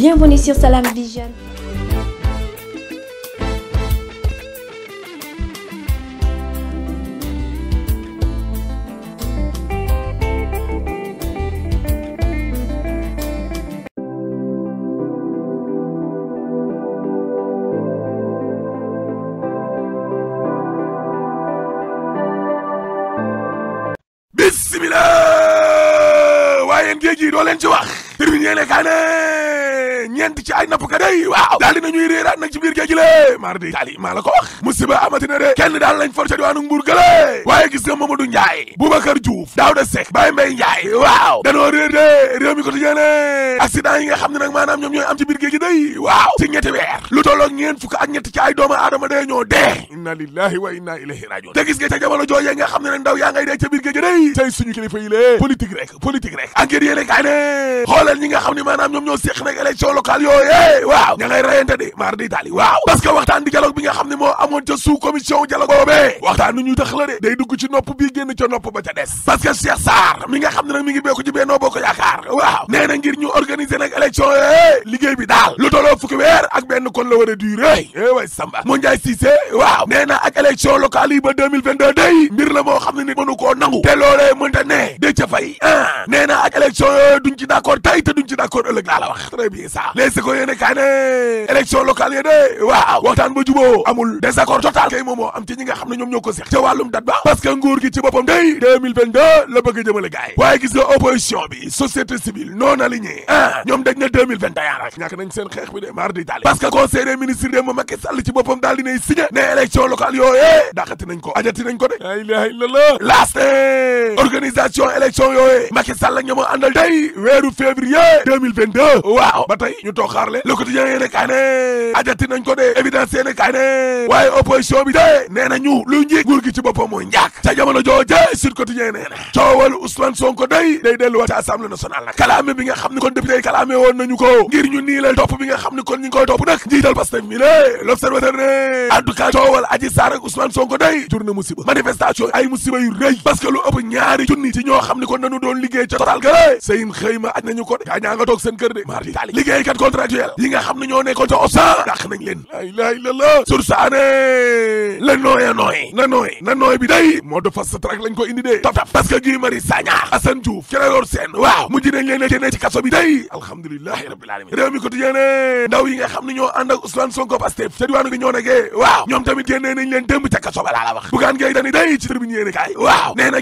Bienvenue sur Salam Vision. bismillah waaye géej gi doo leen tribune yéene kaa ne ñeent ci ay nappkat day waaw daal dina ñuy réeraat nag ci biir géej gi le mardi tali maa la ko musiba amatina de kenn daal lañ for ca diwaanu Mbuur gële waaye gis nga Mamadou Ndiaye Boubacar Diouf Daouda Seck Baye Mbaye Ndiaye waaw danoo réer de réew mi quotidien ne accident yi nga xam ne nag maanaam ñoom ñooy am ci biir géej gi day waaw ci ñetti weer lu tolloog ñeent fukk ak ñetti ci ay doomu aadama de dee inna lillahi wa inna ilayhi rajiun te gis nga ca jamono joojee nga xam ne maanaam ñoom ñoo séq nag élection locale yooyee waaw ña ngay rayante di maar di taali waaw parce que waxtaan di dialogue bi nga xam ne moo ca sous commission dialogue boobee waxtaan nu ñu tax la de ci nopp bii génn ca nopp ba ca des parce que Cheikh mi nga xam ne mi ngi bokk ci Benno Bokk Yaakaar waaw nee ngir ñu organiser nag élection liggéey bi daal lu fukki weer ak benn kon la war a durer way Samba moo Njaay Cissé waaw duñ la wax très bien ça les si ko yéene kaa ne de waaw waxtaan ba juboo amul désaccord total kay moom am ci ñi nga xam ne ñoom ñoo ko seq ca wàllum date ba parce nguur gi ci boppam day 2022 la bëgg jëmale gaay waaye gis nga bi société civile non alignée ah ñoom dañ na 2021 rek ñàkk nañ seen xeex bi de mar di tali parce que ne élection locale yooyee dàqati nañ ko ko de la ilaha last organisation élection yooyee Macky Sall 2022 waaw ba tey ñu toog xaarle le quotidien yéene kaay ne ajati nañ ko de évidence yéene kaay ne waaye opposition bi de nee na lu njiig nguur ci boppam mooy njaak ca jamono jooje sur quotidien nee na coowal Ousmane Sonko day day delluwaat ci assemblée nationale nag kalaame bi nga xam ne kon député yi kalaame woon nañu ko ngir ñu nii topp bi nga xam ne kon ñu ngi koy topp nag njiital Pastef mi le l'observateur ne en tout coowal Adji Sarr ak Ousmane Sonko day tourné ñaa nga toog seen kër de mardi taali liggéeykat contractuel yi xam ne ñoo nekkoon ca OSA dàq nañ leen la ilaha nooy a nooy na nooy bi day moo de fast track lañ ko indi dee taf taf parce que Guy Marius Sagna Assane Diouf Clédor Sène waaw mujj nañ leen génne ci ne ndaw yi nga xam ne ñoo ànd ak Ousmane Sonko Pastef ca diwaanu gi ñoo nekee waaw ñoom tamit génnee nañ leen démb ca kaso ba laa la wax bugaan ngay dani day ci tribune yéene kaay waaw nee na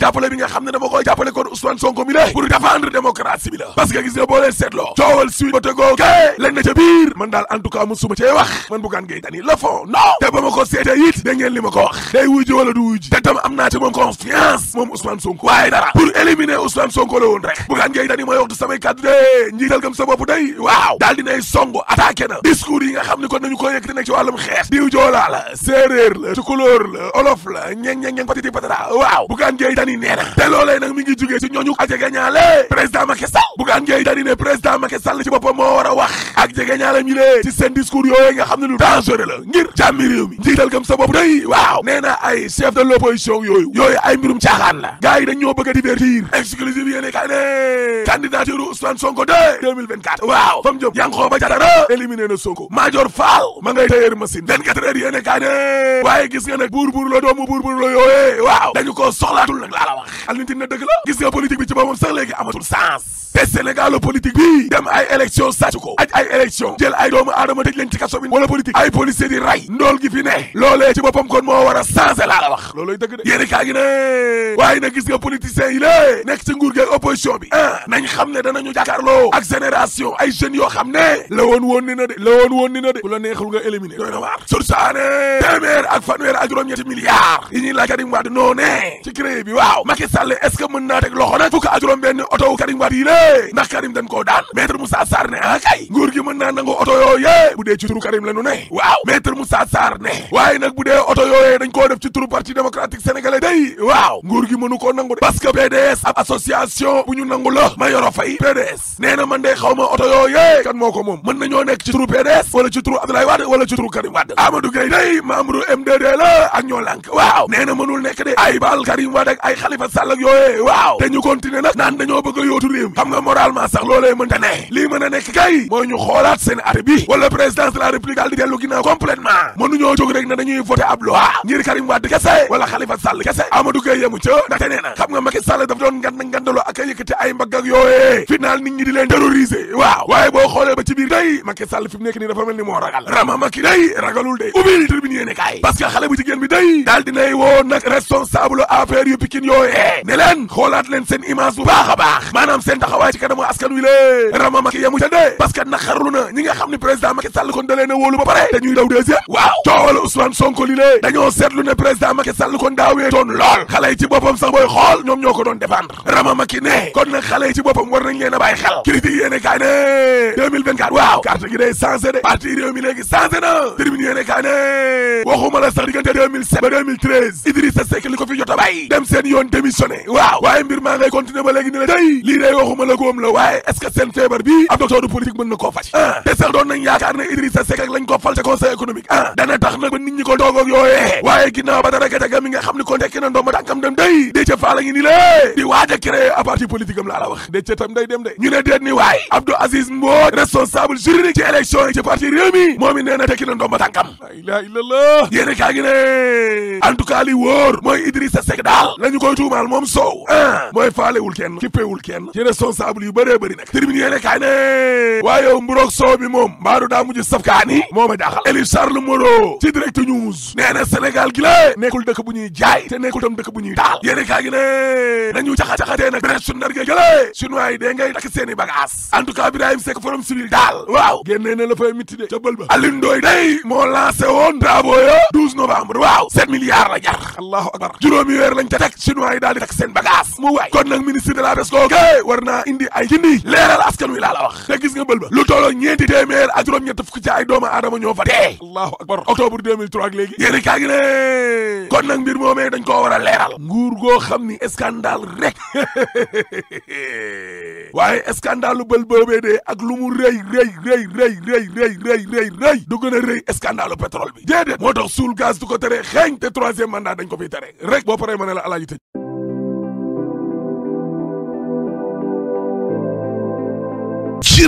leen seetloo coowal suite ba tëggoo kay lañ na ca biir man daal en tout cas mu suma cee wax man Bougane Gueye Dany le fond non te ba ma ko seete it da ngeen li ma ko wax day wuy ji wala du wuy ji te tam am naa ci moom confiance moom Ousmane Sonko waaye dara pour éliminer Ousmane Sonko la woon rek Bougane Gueye Dany mooy wax du samay kàddu de njiital gëm sa bopp day waaw daal dinay songo attaqué na discours yi nga xam ni kon nañu ko yëkkati nekk ci wàllum xeet diw Bougane Gueye Dany ne président Macky Sall ci boppam moo war a wax ak jege ñaalam yi lee ci seen discours yooyu nga xam ne lu dangereux la ngir jàmmi réew mi njiital gëm sa bopp day waaw nee na ay chef de l'opposition yooyu yooyu ay mbirum caaxaan la gars yi dañ ñoo bëgg a divertir exclusive yéene kay ne candidature Ousmane Sonko de 2024 waaw fam jëm Yankhoba Diattara éliminé na Sonko Madior Fall ma ngay tëyeer machine 24 heures yéene kay waaye gis nga nag buur te Sénégal politique bi dem ay élection sàcc ko ay élection jël ay doomu aadama tëj leen ci kaso wala politique ay policier di ray ndool gi fi ne loolee ci boppam kon moo war a changé laa la wax looloy kaa gi ne waaye nag gis nga politiciens yi lée nekk ci nguur gi opposition bi ah nañ xam ne danañu jàkkaarloo ak génération ay jeunes yoo xam ne la woon woon ni na de la woon woon ni na de ku la neexul nga éliminer doy na waar sur saane ak fanweer ak juróom-ñetti milliards yi ñuy laaj Karim Wade noo ne ci créé bi waaw Macky Sall est que mën naa teg loxo nag fukk ak juróom benn oto Karim Wade yi lée ndax Karim dañ koo daan maître Moussa Sarr ne ah kay nguur gi mën naa nangu oto yooyee bu dee ci turu Karim la ne waaw bu dee oto yooyee koo def ci turu parti démocratique sénégalais koo nangu position bu ñu nangu la Mayoro Faye PDS nee na man de xaw ma oto yooyee kan moo ko moom mën nañoo nekk ci turu PDS wala ci turu Abdoulaye Wade wala ci turu Karim Wade Amadou Gueye day membre MDD la ak ñoo lànk waaw nee na mënul nekk de ay baal Karim Wade ak ay Khalifa Sall ak yooyee waaw te ñu continuer nag naan dañoo bëgg a réew mi nga moralement sax loolee mënta ne lii mën a nekk kay mooy xoolaat seen at bi wala présidence de la république daal di dellu ginnaaw complètement mënuñoo jóg rek ne dañuy voté ab loi Karim Wade kese wala Khalifa Sall kese Amadou Gueye yemu ca ndaxte nee na xam nga Macky Sall daf doon ngand ngandaloo ak a yëkkati ay mbagg ak yooyee final nit leen terroriser waaw waaye boo xoolee ba ci biir day Macky Sall fi mu nekk nii dafa mel ni moo ragal seen taxawaay ci kanamu askan wi lée rama Macky yamu ca dee parce que na ñi nga xam ni président Macky Sall kon da leen a ba pare dañuy daw deuxième waaw coowala Ousmane Sonko li lée dañoo seetlu ne président Macky Sall kon daawee toon lool xale ci boppam sax booy xool ñoom ñoo ko doon défendre rama Macky ne kon nag xale ci boppam war nañ leen a bàyyi xel critique yéene kaay ne 2024 waaw carte gi day changé de parti réew mi léegi changé waxuma la góom la waaye est-ce que seen feebar bi ab docteur du politique mën na koo faj ah te sax doon nañ yaakaar ne Idrissa Seck ak ko fal ca conseil économique ah. dana tax nag ba nit ñi ko doogoog yooyee waaye ginnaaw ba dara gajaga mi nga xam ni ko tekki na ndomba tànkam dem day dee ca faa ngi ni lée di waaj a parti politique am wax dee ca tam day dem day ñu ne déet ni waaye Abdou Aziz Mbodj responsable juridique ci élection yi ci parti réew mi responsable yu bëree bëri nag tribune yéene kaay ne waaye yow mburoog soow moom mbaaru daa mujj safkaani moo ma jaaxal Eli Charles Moreau ci direct news nee na Sénégal gi la nekkul dëkk bu ñuy jaay te nekkul tam dëkk bu ñuy daal yéene kaay gi ne nañu caxa-caxatee nag brèche su ndargee jëlee chinois yi dee ngay takk seeni bagage en tout cas Birahim daal waaw génnee na la fay mitti de ca bël ba Alioune Ndoye day moo lancé woon drapeau ya 12 waaw 7 milliards la jar allahu akbar juróomi weer lañ ca teg chinois war naa indi ay gindi leeral askan wi laa la wax te gis nga bël lu tolloo ñeenti téeméer ak juróom-ñett fukk ci ay doomu aadama ñoo fa dee allahu akbar octobre 2003 ak léegi yéeni kaa gi ne kon nag mbir moomee dañ koo war a leeral nguur goo xam ni scandale rek waaye scandale lu bël boobee ak lu mu rëy rëy rëy rëy rëy rëy rëy rëy rëy du gën a rëy scandale pétrole bi déedéet moo tax suul gaz du ko tere xeeñ te troisième mandat dañ ko fiy tere rek boo paree ma la alaaji tëj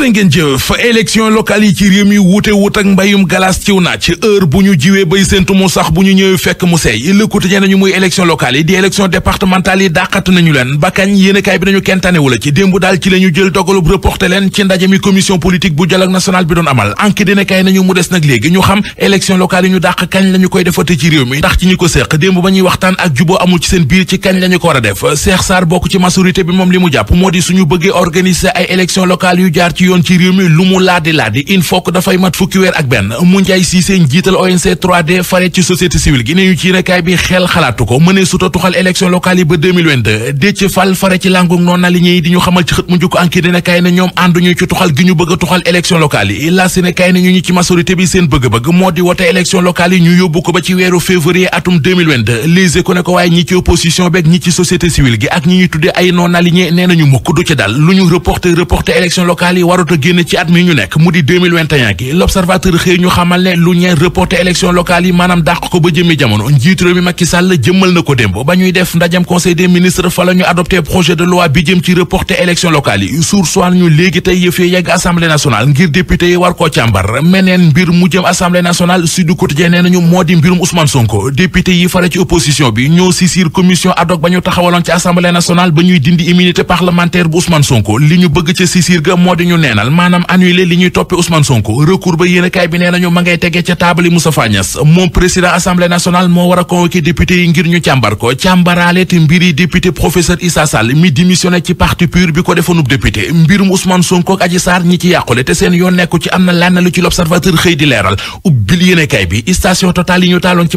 jërë ngeen jëf élection locale yi ci réew mi wuute wut ak mbayum galas ciw naaj heure bu ñu jiwee bay séentu mu sax bu ñu ñëwee fekk mu seey Le Quotidien nañu muy élection locale yi di élection départementale yi dàqat nañu leen bakkañ yéenekaay bi nañu kenn tanewula ci démb daal ci la jël dogalub reporté leen ci ndaje mi commission politique bu dialogue national bi doon amal enquête yéenekaay nañu mu des nag léegi ñu xam élection locale yi ñu dàq kañ yoon ci réew lu mu laadi laadi il faut que dafay mat fukki weer ak benn mu njaay siisee njiital ONC 3D fare ci société civile gi ne ñu ci rekaay bi xel xalaatu ko mënee suta tuxal élection locale yi ba 2022 Déthié Fall fare ci làngug noon na li di ñu xamal ci xët mu njukko enquête dina kaay ne ñoom ànduñu ci tuxal gi ñu bëgg a tuxal élection locale yi ne ñu ñu ci majorité bi seen bëgg-bëgg moo di wote élection locale ñu yóbbu ko ba ci weeru février atum 2022 Les Échos ne ko waaye ñi ci opposition beeg ñi ci société civile gi ak ñi ñuy tuddee ay non aligné nee dal lu ñu reporter reporter élection locale yi warut a génn ci at mi ñu nekk mu di 2021 gi l'observateur xëy ñu xamal lu ñeen reporté élection locale yi maanaam dàq ko ba jëmi jamono njiitu réew mi Macky Sall jëmmal na ko démb ba ñuy def ndajam conseil des ministres fa la ñu projet de loi bi jëm ci reporté élection locale yi suur soin ñu léegi tey yëf fi yegg assemblée nationale ngir député yi war koo càmbar meneen mbir mu jëm assemblée nationale Sud Quotidien nee nañu moo di mbirum Ousmane Sonko député yi fare ci opposition bi ñoo saisir commission ad hoc ba ñu taxawaloon ci assemblée ba ñuy dindi immunité parlementaire bu Ousmane li ñu bëgg ca neenal maanaam annulé li ñuy toppe Ousmane Sonko recours ba yéen a kaay bi nee nañu ma ngay tegee ca taabali Moustapha Niasse moom président assemblée nationale moo war a convoqué yi ngir ñu càmbar ko càmbaraale te mbiri député professeur Issa Sall mi démissionné ci parti pur bi ko defoonub député mbirum Ousmane Sonko ak Adji ñi ci yàqule te seen yoon nekku ci am na lenn ci l'observateur xëy di leeral ubbil yéen bi station Total yi ñu taaloon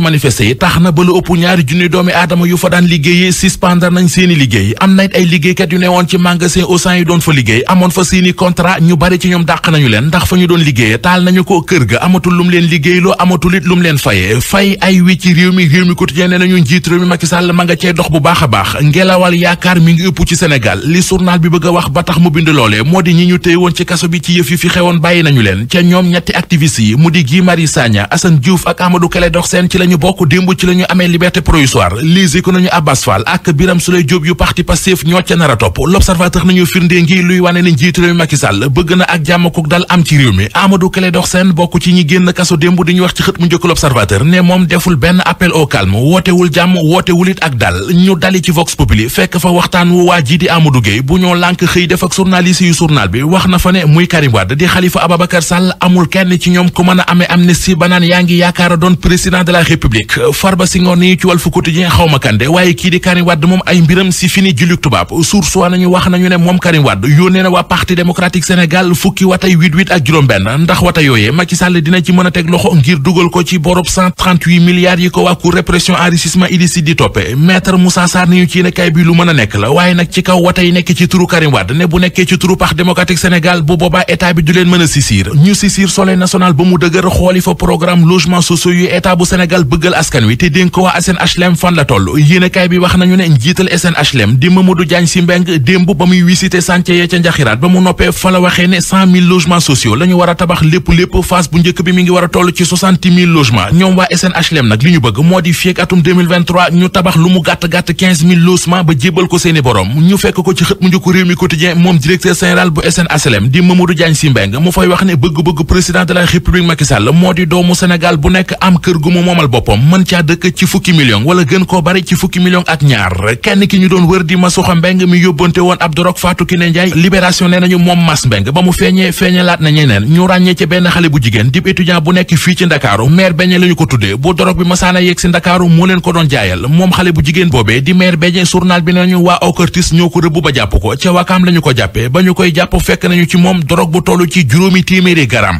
ah ñu bari ci ñoom dàq nañu leen ndax fa ñu doon liggéeye taal nañu ko kër ga amatul lum leen liggéeyloo amatul it lum leen faye fay ay wi ci réew mi réew mi quotidien nee nañu njiit réew mi Macky ma nga cee dox bu baax baax ngelawal yaakaar mi ngi ëpp ci Sénégal li journal bi bëgg a wax ba tax mu bind loole moo di ñi ñu téye woon ci kaso bi ci yëf yi fi xewoon bàyyi nañu leen ca ñoom ñetti activiste mu di Guy Marius Sagna Assane Diouf ak Amadou Clédor Sène ci Sall bëgg na ak jàmm kook dal am ci réew mi Amadou Clédor Sène bokk ci ñi génn kaso démb di ñu wax ci xët mu njëkk l'Observateur ne moom deful benn appel au wootewul jàmm wootewul it ak dal ñu dali ci Vox Populi fekk fa waxtaan wu waa ji di Amadou Gueye bu ñoo lànk xëy def ak journaliste yu journal bi wax na fa ne muy Karim Wade di Khalifa Ababacar Sall amul kenn ci ñoom ku mën a amee amnistie ba naan yaa ngi yaakaar a doon président de la République na Sénégal fukki watay huit huit ak juróom-benn ndax wata yooyee Macky Sall dina ci mën a teg loxo ngir dugal ko ci borub 138 yi ko waa Cour répression enrichissement illicite di toppe maître Moussa Sarr ni ci ne bi lu mën nekk la waaye nag ci kaw watay nekk ci turu Karim Wade ne bu nekkee ci turu Parti démocratique Sénégal bu boobaa état bi du leen mën sisir ñu sisir soleil national ba mu dëgër xooli fa programme logement sociaux yu état bu waxe ne cent mille logements sociaux la ñu war a tabax lépp lépp phase bu njëkk bi mi ngi war toll ci soixante mille logements ñoom waa SNHLM nag li ñu bëgg moo di fii ak atum 2023 ñu tabax lu mu gàtt-gàtt quinze mille logements ba jébbal ko seeni borom ñu fekk ko ci xët mu njëkk réew mi quotidien moom directeur général bu SNHLM di Mamadou Diagne Sy Mbengue mu fay wax ne bëgg-bëgg président de la république Macky moo di doomu Sénégal bu nekk am kër gu mu moomal boppam mën caa dëkk ci fukki million wala gën koo bari ci fukki million ak ñaar kenn ki ñu doon wër di Massoukha Mbengue mi yóbbante woon Abdorok Fatou Kiné Ndiaye libération nee nañu moom mas beng ba mu feeñee feeñalaat na ñeneen ñu ràññee ci benn xale bu jigéen dib étudiant bu nekk fii ci ndakaaru maire beñe la ko tuddee bu dorog bi masaana yegg si ndakaaru moo leen ko doon jaayal moom xale bu jigéen boobee di maire beñe journal bi nañu waa Ocartis ñoo ko rëbb ba jàpp ko ca wakaam la ñu ko jàppee ba ñu koy jàpp fekk nañu ci moom dorog bu tollu ci juróomi téeméeri garam